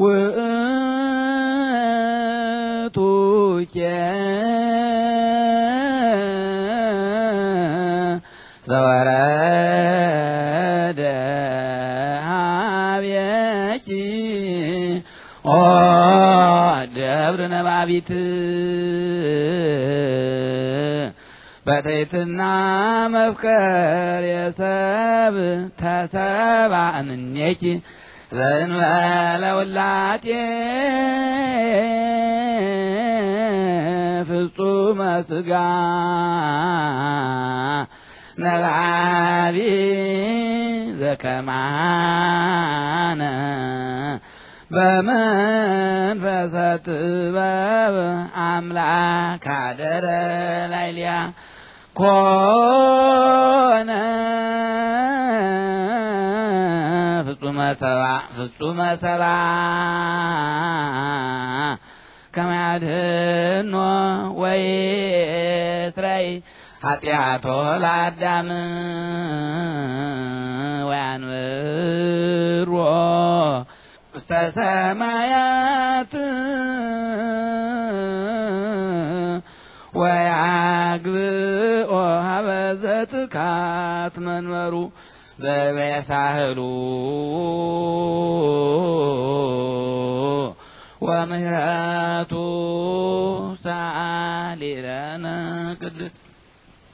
ውእቱ ዘወረደ ሀቤኪ ኦ ደብር ነባቢት በተይትና መፍቀር የሰብ ተሰባ እምኔኪ ዘንበለ ውላጤ ፍጹመ ስጋ ነባቢ ዘከማነ በመንፈሰ ጥበብ አምላክ አደረ ላይልያ ኮነ ሰባ ፍጹመ ሰባ ከማያድህኖ ወይ ስረይ ኃጢአቶ ለአዳም ወያንብሮ ውስተ ሰማያት ወያግብኦ ሀበ ዘትካት መንበሩ بل يسهلوا ومهرات سعى لنا قدر